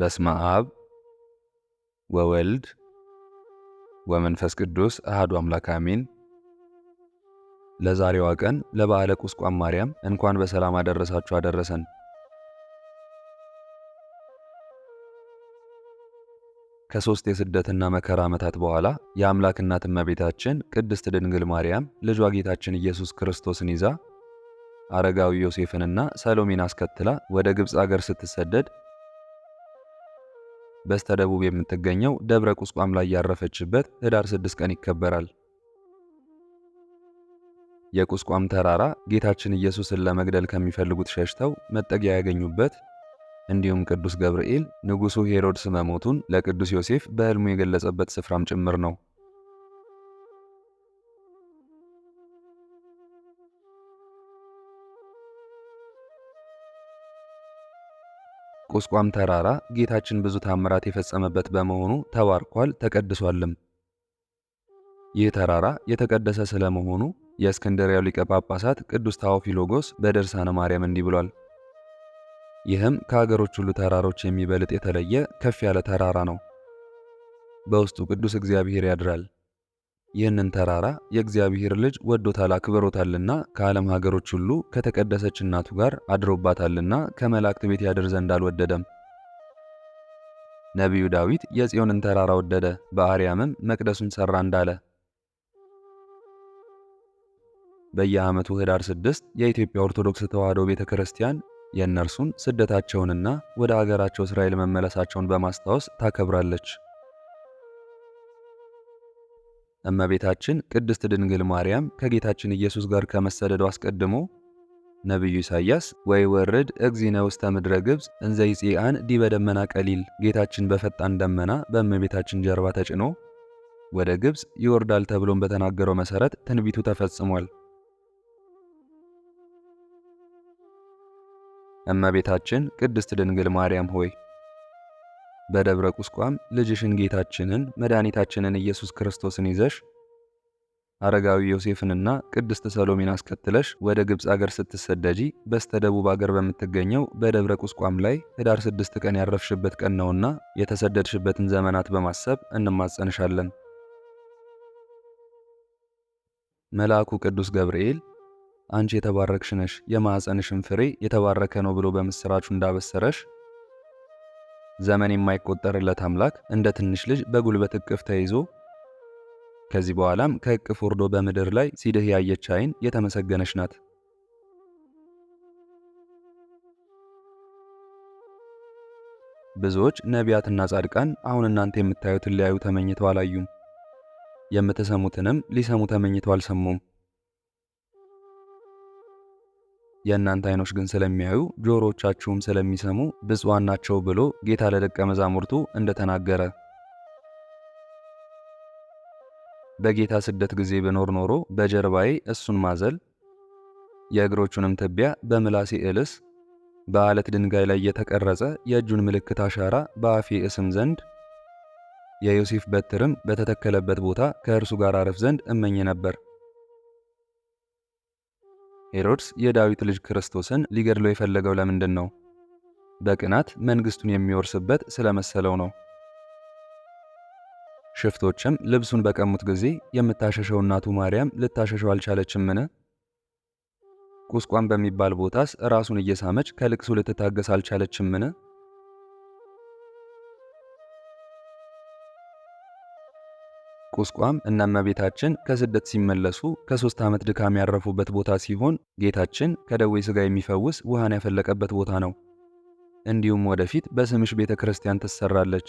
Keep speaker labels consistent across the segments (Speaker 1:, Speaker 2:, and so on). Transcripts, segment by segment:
Speaker 1: በስመ አብ ወወልድ ወመንፈስ ቅዱስ አህዱ አምላክ አሜን። ለዛሬዋ ቀን ለበዓለ ቁስቋም ማርያም እንኳን በሰላም አደረሳችሁ አደረሰን። ከሶስት የስደትና መከራ ዓመታት በኋላ የአምላክ እናት እመቤታችን ቅድስት ድንግል ማርያም ልጇ ጌታችን ኢየሱስ ክርስቶስን ይዛ አረጋዊ ዮሴፍንና ሰሎሜን አስከትላ ወደ ግብፅ አገር ስትሰደድ በስተደቡብ የምትገኘው ደብረ ቁስቋም ላይ ያረፈችበት ህዳር 6 ቀን ይከበራል። የቁስቋም ተራራ ጌታችን ኢየሱስን ለመግደል ከሚፈልጉት ሸሽተው መጠጊያ ያገኙበት፣ እንዲሁም ቅዱስ ገብርኤል ንጉሡ ሄሮድስ መሞቱን ለቅዱስ ዮሴፍ በሕልሙ የገለጸበት ስፍራም ጭምር ነው። የቁስቋም ተራራ ጌታችን ብዙ ታምራት የፈጸመበት በመሆኑ ተባርኳል ተቀድሷልም። ይህ ተራራ የተቀደሰ ስለመሆኑ የእስክንድርያው ሊቀ ጳጳሳት ቅዱስ ታዎፊሎጎስ በደርሳነ ማርያም እንዲህ ብሏል። ይህም ከአገሮች ሁሉ ተራሮች የሚበልጥ የተለየ ከፍ ያለ ተራራ ነው። በውስጡ ቅዱስ እግዚአብሔር ያድራል ይህንን ተራራ የእግዚአብሔር ልጅ ወዶታል አክብሮታልና ከዓለም ሀገሮች ሁሉ ከተቀደሰች እናቱ ጋር አድሮባታልና ከመላእክት ቤት ያድር ዘንድ አልወደደም። ነቢዩ ዳዊት የጽዮንን ተራራ ወደደ፣ በአርያምም መቅደሱን ሠራ እንዳለ በየዓመቱ ኅዳር ስድስት የኢትዮጵያ ኦርቶዶክስ ተዋሕዶ ቤተ ክርስቲያን የእነርሱን ስደታቸውንና ወደ አገራቸው እስራኤል መመለሳቸውን በማስታወስ ታከብራለች። እመቤታችን ቅድስት ድንግል ማርያም ከጌታችን ኢየሱስ ጋር ከመሰደዱ አስቀድሞ ነቢዩ ኢሳይያስ ወይ ወርድ እግዚእነ ውስተ ምድረ ግብፅ እንዘ ይጽአን ዲበ ደመና ቀሊል፣ ጌታችን በፈጣን ደመና በእመቤታችን ጀርባ ተጭኖ ወደ ግብፅ ይወርዳል ተብሎም በተናገረው መሠረት ትንቢቱ ተፈጽሟል። እመቤታችን ቅድስት ድንግል ማርያም ሆይ በደብረ ቁስቋም ልጅሽን ጌታችንን መድኃኒታችንን ኢየሱስ ክርስቶስን ይዘሽ አረጋዊ ዮሴፍንና ቅድስት ሰሎሜን አስከትለሽ ወደ ግብፅ አገር ስትሰደጂ በስተደቡብ አገር በምትገኘው በደብረ ቁስቋም ላይ ህዳር ስድስት ቀን ያረፍሽበት ቀን ነውና የተሰደድሽበትን ዘመናት በማሰብ እንማጸንሻለን። መልአኩ ቅዱስ ገብርኤል አንቺ የተባረክሽ ነሽ፣ የማኅፀንሽም ፍሬ የተባረከ ነው ብሎ በምሥራቹ እንዳበሰረሽ ዘመን የማይቆጠርለት አምላክ እንደ ትንሽ ልጅ በጉልበት እቅፍ ተይዞ ከዚህ በኋላም ከእቅፍ ወርዶ በምድር ላይ ሲድህ ያየች አይን የተመሰገነች ናት። ብዙዎች ነቢያትና ጻድቃን አሁን እናንተ የምታዩትን ሊያዩ ተመኝተው አላዩም፣ የምትሰሙትንም ሊሰሙ ተመኝተው አልሰሙም። የእናንተ አይኖች ግን ስለሚያዩ ጆሮቻችሁም ስለሚሰሙ ብፁዓን ናቸው ብሎ ጌታ ለደቀ መዛሙርቱ እንደተናገረ በጌታ ስደት ጊዜ ብኖር ኖሮ በጀርባዬ እሱን ማዘል የእግሮቹንም ትቢያ በምላሴ እልስ በአለት ድንጋይ ላይ የተቀረጸ የእጁን ምልክት አሻራ በአፌ እስም ዘንድ የዮሴፍ በትርም በተተከለበት ቦታ ከእርሱ ጋር አረፍ ዘንድ እመኝ ነበር። ሄሮድስ የዳዊት ልጅ ክርስቶስን ሊገድለው የፈለገው ለምንድን ነው? በቅናት መንግስቱን የሚወርስበት ስለመሰለው ነው። ሽፍቶችም ልብሱን በቀሙት ጊዜ የምታሸሸው እናቱ ማርያም ልታሸሸው አልቻለችምን? ቁስቋም በሚባል ቦታስ ራሱን እየሳመች ከልቅሱ ልትታገስ አልቻለችምን? ቁስቋም እና እመቤታችን ከስደት ሲመለሱ ከሶስት ዓመት ድካም ያረፉበት ቦታ ሲሆን ጌታችን ከደዌ ሥጋ የሚፈውስ ውሃን ያፈለቀበት ቦታ ነው። እንዲሁም ወደፊት በስምሽ ቤተ ክርስቲያን ትሰራለች፣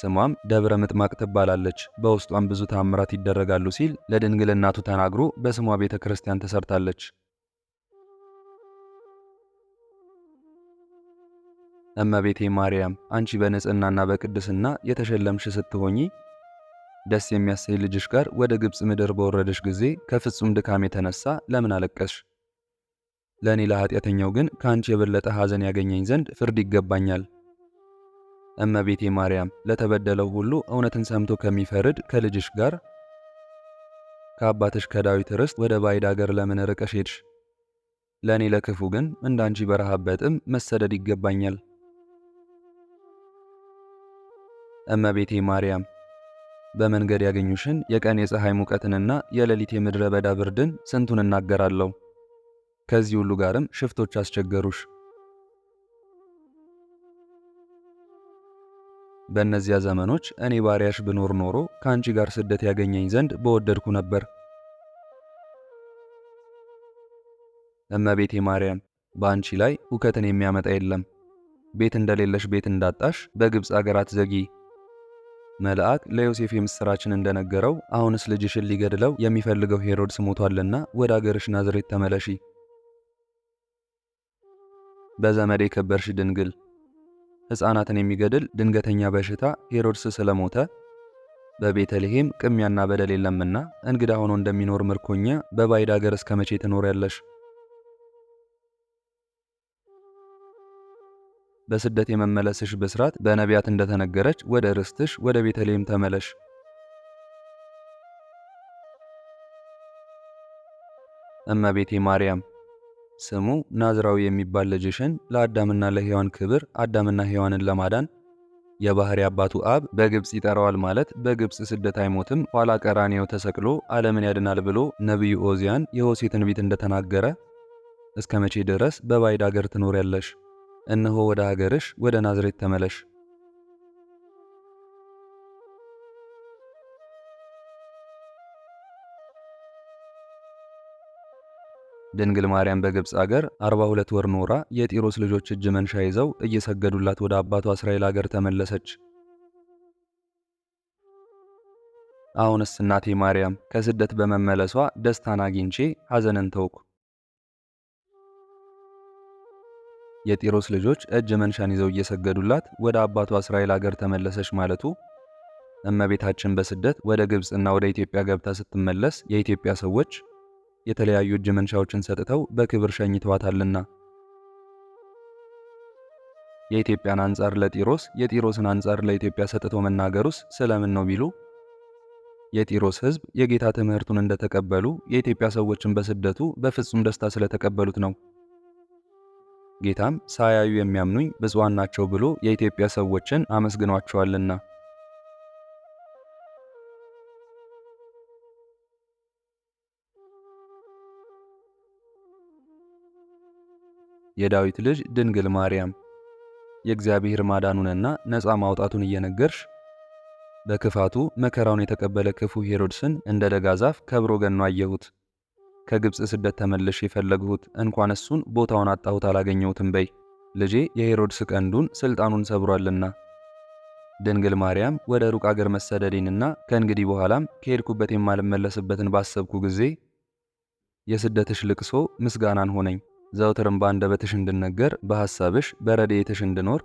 Speaker 1: ስሟም ደብረ ምጥማቅ ትባላለች፣ በውስጧም ብዙ ታምራት ይደረጋሉ ሲል ለድንግል እናቱ ተናግሮ በስሟ ቤተ ክርስቲያን ተሰርታለች። እመቤቴ ማርያም አንቺ በንጽህናና በቅድስና የተሸለምሽ ስትሆኚ ደስ የሚያሰኝ ልጅሽ ጋር ወደ ግብፅ ምድር በወረደሽ ጊዜ ከፍጹም ድካም የተነሳ ለምን አለቀስሽ? ለእኔ ለኃጢአተኛው ግን ከአንቺ የበለጠ ሐዘን ያገኘኝ ዘንድ ፍርድ ይገባኛል። እመቤቴ ማርያም ለተበደለው ሁሉ እውነትን ሰምቶ ከሚፈርድ ከልጅሽ ጋር ከአባትሽ ከዳዊት ርስት ወደ ባይድ አገር ለምን ርቀሽ ሄድሽ? ለእኔ ለክፉ ግን እንዳንቺ በረሃብ በጥም መሰደድ ይገባኛል። እመቤቴ ማርያም በመንገድ ያገኙሽን የቀን የፀሐይ ሙቀትንና የሌሊት የምድረ በዳ ብርድን ስንቱን እናገራለሁ። ከዚህ ሁሉ ጋርም ሽፍቶች አስቸገሩሽ። በእነዚያ ዘመኖች እኔ ባሪያሽ ብኖር ኖሮ ከአንቺ ጋር ስደት ያገኘኝ ዘንድ በወደድኩ ነበር። እመቤቴ ማርያም በአንቺ ላይ ሁከትን የሚያመጣ የለም። ቤት እንደሌለሽ ቤት እንዳጣሽ በግብፅ አገራት ዘጊ መልአክ ለዮሴፍ የምስራችን እንደነገረው አሁንስ ልጅሽን ሊገድለው የሚፈልገው ሄሮድስ ሞቷልና ወደ አገርሽ ናዝሬት ተመለሺ። በዘመድ የከበርሽ ድንግል ሕፃናትን የሚገድል ድንገተኛ በሽታ ሄሮድስ ስለሞተ በቤተልሔም ቅሚያና በደል የለምና እንግዳ ሆኖ እንደሚኖር ምርኮኛ በባይድ አገር እስከ መቼ ያለሽ? በስደት የመመለስሽ ብስራት በነቢያት እንደተነገረች ወደ ርስትሽ ወደ ቤተልሔም ተመለሽ። እመቤቴ ማርያም ስሙ ናዝራዊ የሚባል ልጅሽን ለአዳምና ለሔዋን ክብር አዳምና ሔዋንን ለማዳን የባህሪ አባቱ አብ በግብፅ ይጠራዋል ማለት በግብፅ ስደት አይሞትም ኋላ ቀራኔው ተሰቅሎ ዓለምን ያድናል ብሎ ነቢዩ ኦዚያን የሆሴ ትንቢት እንደተናገረ እስከ መቼ ድረስ በባይድ አገር ያለሽ? እነሆ ወደ አገርሽ ወደ ናዝሬት ተመለሽ። ድንግል ማርያም በግብፅ አገር አርባ ወር ኖራ የጢሮስ ልጆች እጅ መንሻ ይዘው እየሰገዱላት ወደ አባቷ እስራኤል አገር ተመለሰች። አሁንስ እናቴ ማርያም ከስደት በመመለሷ ደስታን አግኝቼ ሐዘንን ተውኩ። የጢሮስ ልጆች እጅ መንሻን ይዘው እየሰገዱላት ወደ አባቷ እስራኤል አገር ተመለሰች ማለቱ እመቤታችን በስደት ወደ ግብፅና ወደ ኢትዮጵያ ገብታ ስትመለስ የኢትዮጵያ ሰዎች የተለያዩ እጅ መንሻዎችን ሰጥተው በክብር ሸኝተዋታልና የኢትዮጵያን አንጻር ለጢሮስ የጢሮስን አንጻር ለኢትዮጵያ ሰጥቶ መናገሩስ ስለምን ነው ቢሉ የጢሮስ ሕዝብ የጌታ ትምህርቱን እንደተቀበሉ የኢትዮጵያ ሰዎችን በስደቱ በፍጹም ደስታ ስለተቀበሉት ነው። ጌታም ሳያዩ የሚያምኑኝ ብፁዓን ናቸው ብሎ የኢትዮጵያ ሰዎችን አመስግኗቸዋልና። የዳዊት ልጅ ድንግል ማርያም የእግዚአብሔር ማዳኑንና ነፃ ማውጣቱን እየነገርሽ በክፋቱ መከራውን የተቀበለ ክፉ ሄሮድስን እንደ ደጋ ዛፍ ከብሮ ገኖ አየሁት። ከግብፅ ስደት ተመልሽ የፈለግሁት እንኳን እሱን ቦታውን አጣሁት አላገኘሁትም በይ ልጄ የሄሮድስ ቀንዱን ስልጣኑን ሰብሯልና። ድንግል ማርያም ወደ ሩቅ አገር መሰደዴንና ከእንግዲህ በኋላም ከሄድኩበት የማልመለስበትን ባሰብኩ ጊዜ የስደትሽ ልቅሶ ምስጋናን ሆነኝ። ዘውትርም በአንደበትሽ እንድነገር፣ በሐሳብሽ በረድኤትሽ እንድኖር፣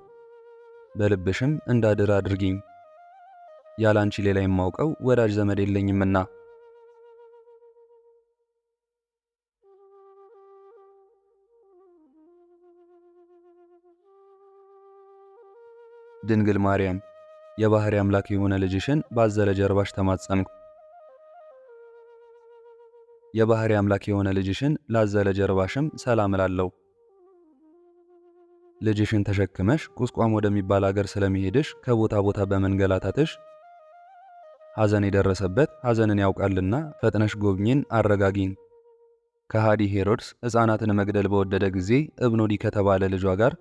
Speaker 1: በልብሽም እንዳድር አድርጊኝ። ያላንቺ ሌላ የማውቀው ወዳጅ ዘመድ የለኝምና ድንግል ማርያም የባህር አምላክ የሆነ ልጅሽን ባዘለ ጀርባሽ ተማጸንኩ። የባሕርይ አምላክ የሆነ ልጅሽን ላዘለ ጀርባሽም ሰላም እላለሁ። ልጅሽን ተሸክመሽ ቁስቋም ወደሚባል አገር ስለመሄድሽ ከቦታ ቦታ በመንገላታትሽ ሐዘን የደረሰበት ሐዘንን ያውቃልና ፈጥነሽ ጎብኝን አረጋጊኝ። ከሃዲ ሄሮድስ ሕፃናትን መግደል በወደደ ጊዜ እብኖዲ ከተባለ ልጇ ጋር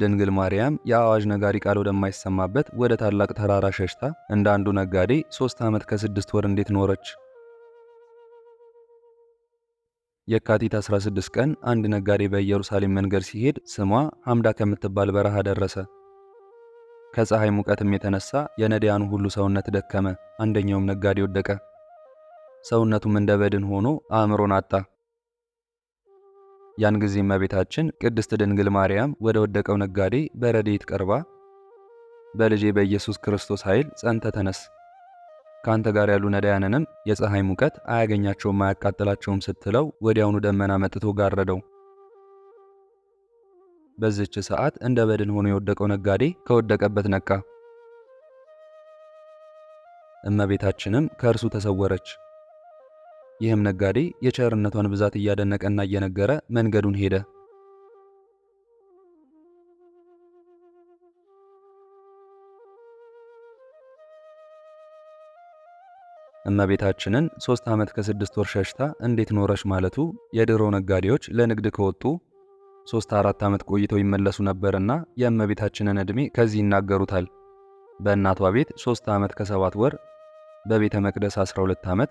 Speaker 1: ድንግል ማርያም የአዋጅ ነጋሪ ቃል ወደማይሰማበት ወደ ታላቅ ተራራ ሸሽታ እንደ አንዱ ነጋዴ ሦስት ዓመት ከስድስት ወር እንዴት ኖረች? የካቲት 16 ቀን አንድ ነጋዴ በኢየሩሳሌም መንገድ ሲሄድ ስሟ ሐምዳ ከምትባል በረሃ ደረሰ። ከፀሐይ ሙቀትም የተነሳ የነዳያኑ ሁሉ ሰውነት ደከመ፣ አንደኛውም ነጋዴ ወደቀ። ሰውነቱም እንደ በድን ሆኖ አእምሮን አጣ። ያን ጊዜ እመቤታችን ቅድስት ድንግል ማርያም ወደ ወደቀው ነጋዴ በረድኤት ቀርባ በልጄ በኢየሱስ ክርስቶስ ኃይል ጸንተ ተነስ፣ ካንተ ጋር ያሉ ነዳያንንም የፀሐይ ሙቀት አያገኛቸውም አያቃጥላቸውም ስትለው ወዲያውኑ ደመና መጥቶ ጋረደው። በዚች ሰዓት እንደ በድን ሆኖ የወደቀው ነጋዴ ከወደቀበት ነቃ። እመቤታችንም ከእርሱ ተሰወረች። ይህም ነጋዴ የቸርነቷን ብዛት እያደነቀና እየነገረ መንገዱን ሄደ። እመቤታችንን ሦስት ዓመት ከስድስት ወር ሸሽታ እንዴት ኖረሽ ማለቱ የድሮ ነጋዴዎች ለንግድ ከወጡ ሶስት አራት ዓመት ቆይተው ይመለሱ ነበርና የእመቤታችንን ዕድሜ ከዚህ ይናገሩታል። በእናቷ ቤት ሶስት ዓመት ከሰባት ወር፣ በቤተ መቅደስ 12 ዓመት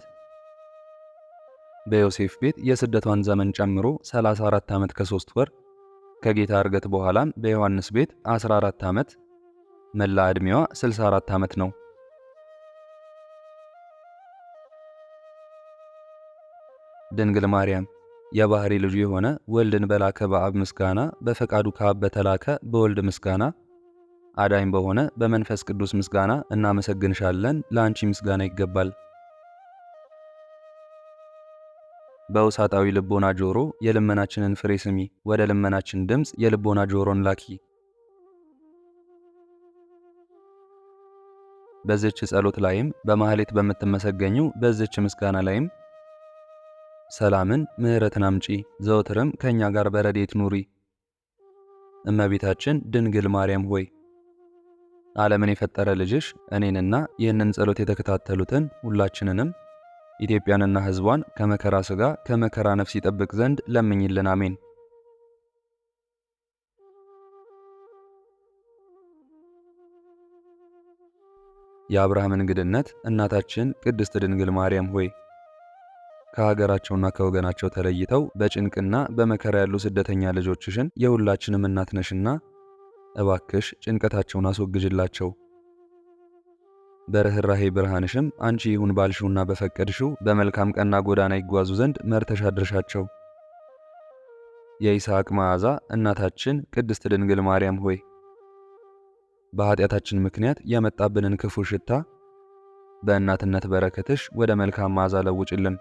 Speaker 1: በዮሴፍ ቤት የስደቷን ዘመን ጨምሮ 34 ዓመት ከ3 ወር ከጌታ እርገት በኋላም በዮሐንስ ቤት 14 ዓመት መላ ዕድሜዋ 64 ዓመት ነው። ድንግል ማርያም የባህሪ ልጁ የሆነ ወልድን በላከ በአብ ምስጋና በፈቃዱ ከአብ በተላከ በወልድ ምስጋና አዳኝ በሆነ በመንፈስ ቅዱስ ምስጋና እናመሰግንሻለን። ለአንቺ ምስጋና ይገባል። በውሳጣዊ ልቦና ጆሮ የልመናችንን ፍሬ ስሚ፣ ወደ ልመናችን ድምፅ የልቦና ጆሮን ላኪ። በዚች ጸሎት ላይም በማህሌት በምትመሰገኘው በዚች ምስጋና ላይም ሰላምን፣ ምሕረትን አምጪ፣ ዘውትርም ከእኛ ጋር በረዴት ኑሪ። እመቤታችን ድንግል ማርያም ሆይ ዓለምን የፈጠረ ልጅሽ እኔንና ይህንን ጸሎት የተከታተሉትን ሁላችንንም ኢትዮጵያንና ሕዝቧን ከመከራ ሥጋ ከመከራ ነፍስ ይጠብቅ ዘንድ ለምኝልን። አሜን። የአብርሃም እንግድነት እናታችን ቅድስት ድንግል ማርያም ሆይ ከሀገራቸውና ከወገናቸው ተለይተው በጭንቅና በመከራ ያሉ ስደተኛ ልጆችሽን የሁላችንም እናት ነሽና እባክሽ ጭንቀታቸውን አስወግጅላቸው በርኅራሄ ብርሃንሽም አንቺ ይሁን ባልሽውና በፈቀድሽው በመልካም ቀና ጎዳና ይጓዙ ዘንድ መርተሻ አድርሻቸው። የይስሐቅ መዓዛ እናታችን ቅድስት ድንግል ማርያም ሆይ በኃጢአታችን ምክንያት የመጣብንን ክፉ ሽታ በእናትነት በረከትሽ ወደ መልካም መዓዛ ለውጭልን።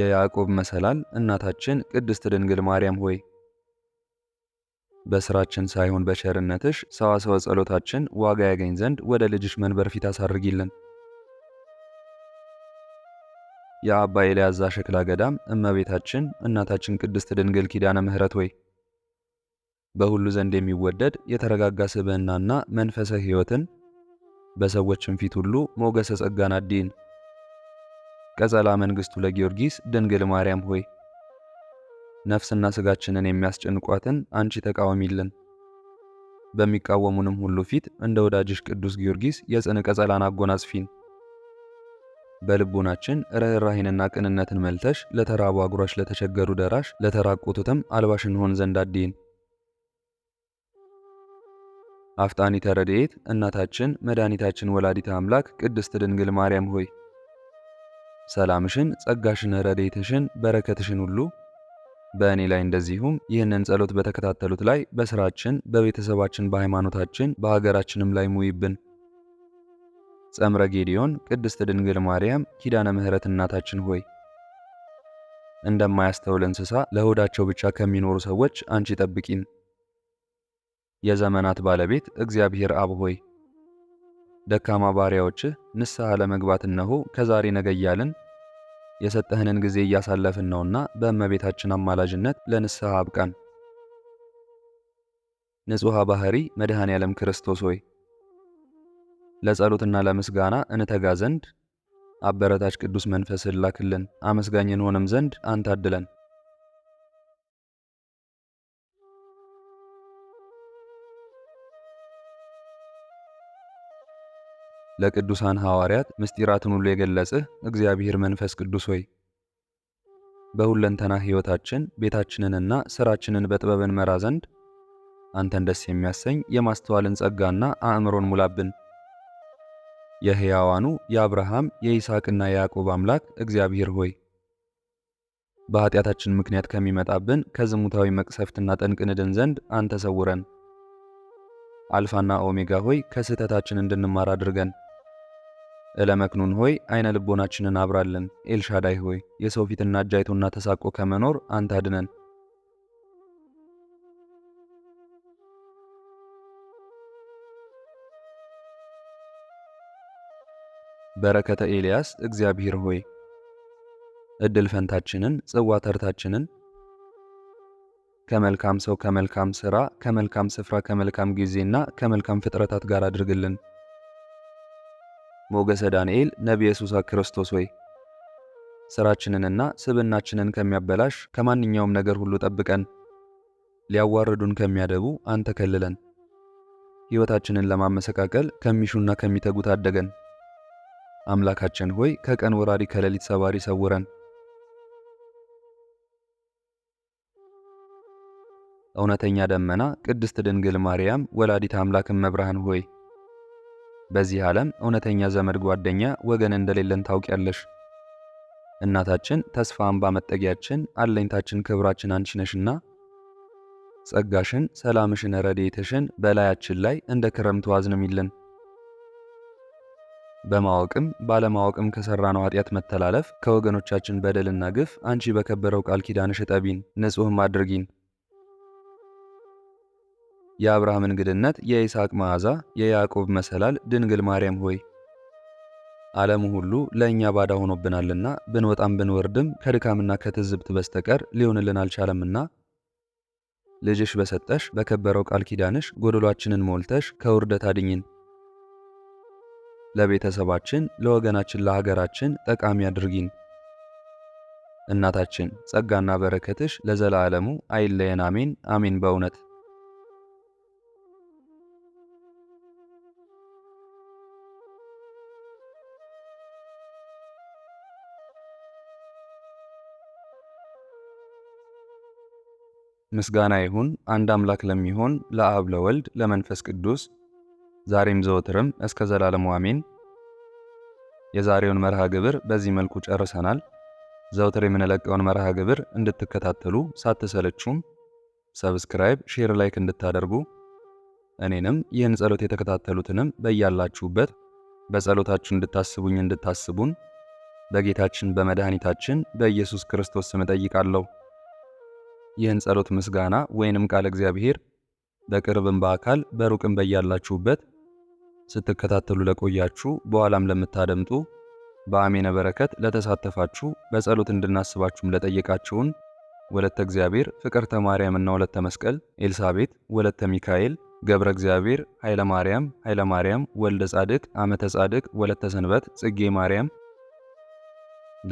Speaker 1: የያዕቆብ መሰላል እናታችን ቅድስት ድንግል ማርያም ሆይ በስራችን ሳይሆን በቸርነትሽ ሰዋሰወ ጸሎታችን ዋጋ ያገኝ ዘንድ ወደ ልጅሽ መንበር ፊት አሳርጊልን። የአባ ኤልያዛ ሸክላ ገዳም እመቤታችን እናታችን ቅድስት ድንግል ኪዳነ ምሕረት ወይ በሁሉ ዘንድ የሚወደድ የተረጋጋ ስብዕናና መንፈሰ ሕይወትን በሰዎችም ፊት ሁሉ ሞገሰ ጸጋን አዲን ቀጸላ መንግሥቱ ለጊዮርጊስ ድንግል ማርያም ሆይ ነፍስና ስጋችንን የሚያስጨንቋትን አንቺ ተቃወሚልን፣ በሚቃወሙንም ሁሉ ፊት እንደ ወዳጅሽ ቅዱስ ጊዮርጊስ የጽንቀ ጸላን አጎናጽፊን። በልቡናችን ርኅራኄንና ቅንነትን መልተሽ ለተራቡ አጉራሽ፣ ለተቸገሩ ደራሽ፣ ለተራቆቱትም አልባሽ እንሆን ዘንድ አድይን። አፍጣኒ ተረድኤት እናታችን መድኃኒታችን ወላዲተ አምላክ ቅድስት ድንግል ማርያም ሆይ ሰላምሽን፣ ጸጋሽን፣ ረድኤትሽን፣ በረከትሽን ሁሉ በእኔ ላይ እንደዚሁም ይህንን ጸሎት በተከታተሉት ላይ በስራችን፣ በቤተሰባችን፣ በሃይማኖታችን፣ በሀገራችንም ላይ ሙይብን። ጸምረ ጌዲዮን ቅድስት ድንግል ማርያም ኪዳነ ምሕረት እናታችን ሆይ እንደማያስተውል እንስሳ ለሆዳቸው ብቻ ከሚኖሩ ሰዎች አንቺ ጠብቂን። የዘመናት ባለቤት እግዚአብሔር አብ ሆይ ደካማ ባሪያዎችህ ንስሐ ለመግባት እነሆ ከዛሬ ነገ እያልን የሰጠህንን ጊዜ እያሳለፍን ነውና በእመቤታችን አማላጅነት ለንስሐ አብቃን። ንጹሐ ባህሪ መድኃኔ ዓለም ክርስቶስ ሆይ ለጸሎትና ለምስጋና እንተጋ ዘንድ አበረታች ቅዱስ መንፈስ ላክልን። አመስጋኝ እንሆንም ዘንድ አንተ አድለን። ለቅዱሳን ሐዋርያት ምስጢራትን ሁሉ የገለጽህ እግዚአብሔር መንፈስ ቅዱስ ሆይ በሁለንተና ሕይወታችን ቤታችንንና ሥራችንን በጥበብ እንመራ ዘንድ አንተን ደስ የሚያሰኝ የማስተዋልን ጸጋና አእምሮን ሙላብን። የሕያዋኑ የአብርሃም የይስሐቅና የያዕቆብ አምላክ እግዚአብሔር ሆይ በኀጢአታችን ምክንያት ከሚመጣብን ከዝሙታዊ መቅሰፍትና ጠንቅንድን ዘንድ አንተ ሰውረን። አልፋና ኦሜጋ ሆይ ከስህተታችን እንድንማር አድርገን እለመክኑን ሆይ አይነ ልቦናችንን አብራለን። ኤልሻዳይ ሆይ የሰው ፊትና እጃይቶና ተሳቆ ከመኖር አንተ አድነን። በረከተ ኤልያስ እግዚአብሔር ሆይ እድል ፈንታችንን ጽዋ ተርታችንን ከመልካም ሰው ከመልካም ሥራ ከመልካም ስፍራ ከመልካም ጊዜና ከመልካም ፍጥረታት ጋር አድርግልን። ሞገሰ ዳንኤል ነቢ ኢየሱስ ክርስቶስ ሆይ ስራችንንና ስብናችንን ከሚያበላሽ ከማንኛውም ነገር ሁሉ ጠብቀን፣ ሊያዋርዱን ከሚያደቡ አንተ ከልለን፣ ሕይወታችንን ለማመሰቃቀል ከሚሹና ከሚተጉ አደገን አምላካችን ሆይ ከቀን ወራሪ ከሌሊት ሰባሪ ሰውረን። እውነተኛ ደመና ቅድስት ድንግል ማርያም ወላዲት አምላክን መብርሃን ሆይ በዚህ ዓለም እውነተኛ ዘመድ ጓደኛ፣ ወገን እንደሌለን ታውቂያለሽ። እናታችን ተስፋ አምባ መጠጊያችን፣ አለኝታችን፣ ክብራችን አንቺ ነሽና ጸጋሽን፣ ሰላምሽን፣ ረድኤትሽን በላያችን ላይ እንደ ክረምቱ አዝንሚልን። በማወቅም ባለማወቅም ከሰራነው ኃጢአት መተላለፍ ከወገኖቻችን በደልና ግፍ አንቺ በከበረው ቃል ኪዳንሽ እጠቢን፣ ንጹህም አድርጊን። የአብርሃም እንግድነት፣ የይስሐቅ መዓዛ፣ የያዕቆብ መሰላል ድንግል ማርያም ሆይ ዓለሙ ሁሉ ለእኛ ባዳ ሆኖብናልና ብንወጣም ብንወርድም ከድካምና ከትዝብት በስተቀር ሊሆንልን አልቻለምና ልጅሽ በሰጠሽ በከበረው ቃል ኪዳንሽ ጎደሏችንን ሞልተሽ ከውርደት አድኝን። ለቤተሰባችን፣ ለወገናችን፣ ለሀገራችን ጠቃሚ አድርጊን። እናታችን ጸጋና በረከትሽ ለዘላለሙ አይለየን። አሜን አሜን በእውነት ምስጋና ይሁን አንድ አምላክ ለሚሆን ለአብ ለወልድ ለመንፈስ ቅዱስ ዛሬም ዘወትርም እስከ ዘላለሙ አሜን። የዛሬውን መርሃ ግብር በዚህ መልኩ ጨርሰናል። ዘውትር የምንለቀውን መርሃ ግብር እንድትከታተሉ ሳትሰለችም ሰብስክራይብ፣ ሼር፣ ላይክ እንድታደርጉ እኔንም ይህን ጸሎት የተከታተሉትንም በያላችሁበት በጸሎታችሁ እንድታስቡኝ እንድታስቡን በጌታችን በመድኃኒታችን በኢየሱስ ክርስቶስ ስም እጠይቃለሁ። ይህን ጸሎት ምስጋና ወይንም ቃለ እግዚአብሔር በቅርብም በአካል በሩቅም በያላችሁበት ስትከታተሉ ለቆያችሁ በኋላም ለምታደምጡ በአሜነ በረከት ለተሳተፋችሁ በጸሎት እንድናስባችሁም ለጠየቃችሁን ወለተ እግዚአብሔር ፍቅርተ ማርያምና ወለተ መስቀል ኤልሳቤት ወለተ ሚካኤል ገብረ እግዚአብሔር ኃይለ ማርያም ኃይለ ማርያም ወልደ ጻድቅ አመተ ጻድቅ ወለተ ሰንበት ጽጌ ማርያም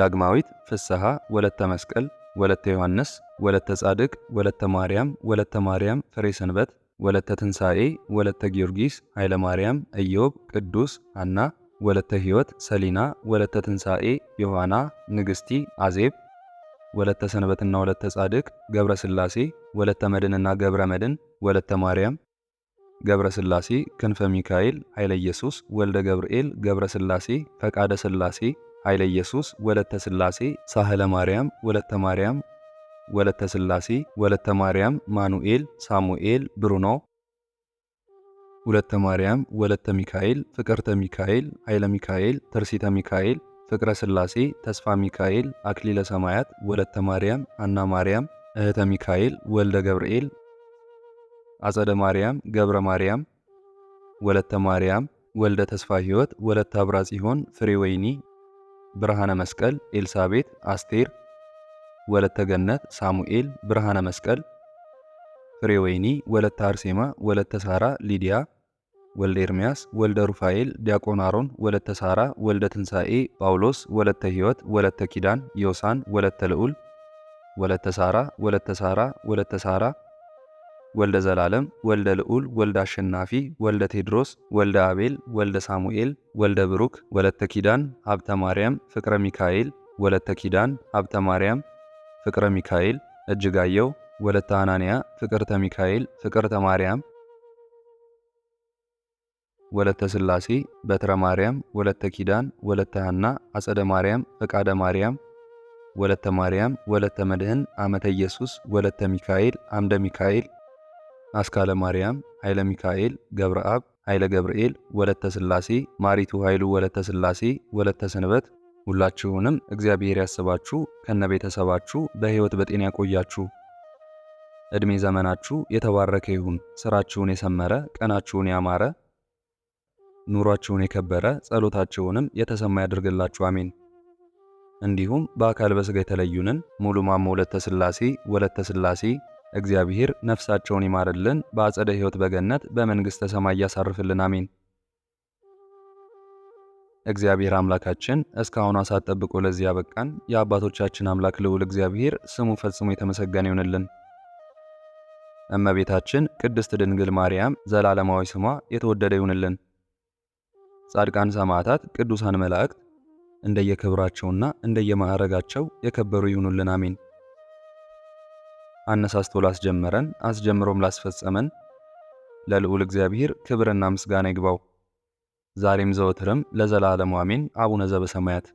Speaker 1: ዳግማዊት ፍስሐ ወለተ መስቀል ወለተ ዮሐንስ፣ ወለተ ጻድቅ፣ ወለተ ማርያም፣ ወለተ ማርያም ፍሬ ሰንበት፣ ወለተ ትንሣኤ፣ ወለተ ጊዮርጊስ፣ ኃይለ ማርያም፣ ኢዮብ፣ ቅዱስ፣ አና ወለተ ሕይወት፣ ሰሊና፣ ወለተ ትንሣኤ፣ ዮሐና፣ ንግሥቲ፣ አዜብ፣ ወለተ ሰንበትና ወለተ ጻድቅ፣ ገብረ ሥላሴ፣ ወለተ መድንና ገብረ መድን፣ ወለተ ማርያም ገብረ ሥላሴ፣ ክንፈ ሚካኤል፣ ኃይለ ኢየሱስ፣ ወልደ ገብርኤል፣ ገብረ ሥላሴ፣ ፈቃደ ሥላሴ ኃይለ ኢየሱስ ወለተ ስላሴ ሳህለ ማርያም ወለተ ማርያም ወለተ ስላሴ ወለተ ማርያም ማኑኤል ሳሙኤል ብሩኖ ሁለተ ማርያም ወለተ ሚካኤል ፍቅርተ ሚካኤል ኃይለ ሚካኤል ተርሲተ ሚካኤል ፍቅረ ስላሴ ተስፋ ሚካኤል አክሊለ ሰማያት ወለተ ማርያም አና ማርያም እህተ ሚካኤል ወልደ ገብርኤል አጸደ ማርያም ገብረ ማርያም ወለተ ማርያም ወልደ ተስፋ ሕይወት ወለተ አብራ ጽዮን ፍሬ ወይኒ ብርሃነ መስቀል፣ ኤልሳቤት፣ አስቴር፣ ወለተ ገነት፣ ሳሙኤል፣ ብርሃነ መስቀል፣ ፍሬወይኒ፣ ወለተ አርሴማ፣ ወለተ ሳራ፣ ሊዲያ፣ ወልደ ኤርሚያስ፣ ወልደ ሩፋኤል፣ ዲያቆን አሮን፣ ወለተ ሳራ፣ ወልደ ትንሣኤ፣ ጳውሎስ፣ ወለተ ሕይወት፣ ወለተ ኪዳን፣ ዮሳን፣ ወለተ ልዑል፣ ወለተ ሳራ፣ ወለተ ሳራ፣ ወለተ ሳራ ወልደ ዘላለም፣ ወልደ ልዑል፣ ወልደ አሸናፊ፣ ወልደ ቴድሮስ፣ ወልደ አቤል፣ ወልደ ሳሙኤል፣ ወልደ ብሩክ፣ ወለተ ኪዳን፣ ሀብተ ማርያም፣ ፍቅረ ሚካኤል፣ ወለተ ኪዳን፣ ሀብተ ማርያም፣ ፍቅረ ሚካኤል፣ እጅጋየው፣ ወለተ አናንያ፣ ፍቅርተ ሚካኤል፣ ፍቅርተ ማርያም፣ ወለተ ስላሴ፣ በትረ ማርያም፣ ወለተ ኪዳን፣ ወለተ ሐና፣ አጸደ ማርያም፣ ፈቃደ ማርያም ወለተ ማርያም ወለተ መድህን አመተ ኢየሱስ ወለተ ሚካኤል አምደ ሚካኤል አስካለ ማርያም፣ ኃይለ ሚካኤል፣ ገብረአብ፣ ኃይለ ገብርኤል፣ ወለተ ስላሴ፣ ማሪቱ ኃይሉ ወለተ ስላሴ፣ ወለተ ሰንበት ሁላችሁንም እግዚአብሔር ያስባችሁ ከነ ቤተሰባችሁ በሕይወት በጤና ያቆያችሁ። እድሜ ዘመናችሁ የተባረከ ይሁን። ስራችሁን የሰመረ፣ ቀናችሁን ያማረ፣ ኑሯችሁን የከበረ፣ ጸሎታችሁንም የተሰማ ያደርግላችሁ። አሜን። እንዲሁም በአካል በስጋ የተለዩንን ሙሉ ማሞ ወለተ ስላሴ ወለተ ስላሴ እግዚአብሔር ነፍሳቸውን ይማርልን፣ በአጸደ ሕይወት በገነት በመንግሥተ ሰማይ ያሳርፍልን። አሜን። እግዚአብሔር አምላካችን እስካሁን አሳት ጠብቆ ለዚህ ያበቃን የአባቶቻችን አምላክ ልዑል እግዚአብሔር ስሙ ፈጽሞ የተመሰገነ ይሁንልን። እመቤታችን ቅድስት ድንግል ማርያም ዘላለማዊ ስሟ የተወደደ ይሁንልን። ጻድቃን ሰማዕታት፣ ቅዱሳን መላእክት እንደየክብራቸውና እንደየማዕረጋቸው የከበሩ ይሁኑልን። አሜን። አነሳስቶ ላስጀመረን አስጀምሮም ላስፈጸመን ለልዑል እግዚአብሔር ክብርና ምስጋና ይግባው ዛሬም ዘወትርም ለዘላለሙ አሜን። አቡነ ዘበሰማያት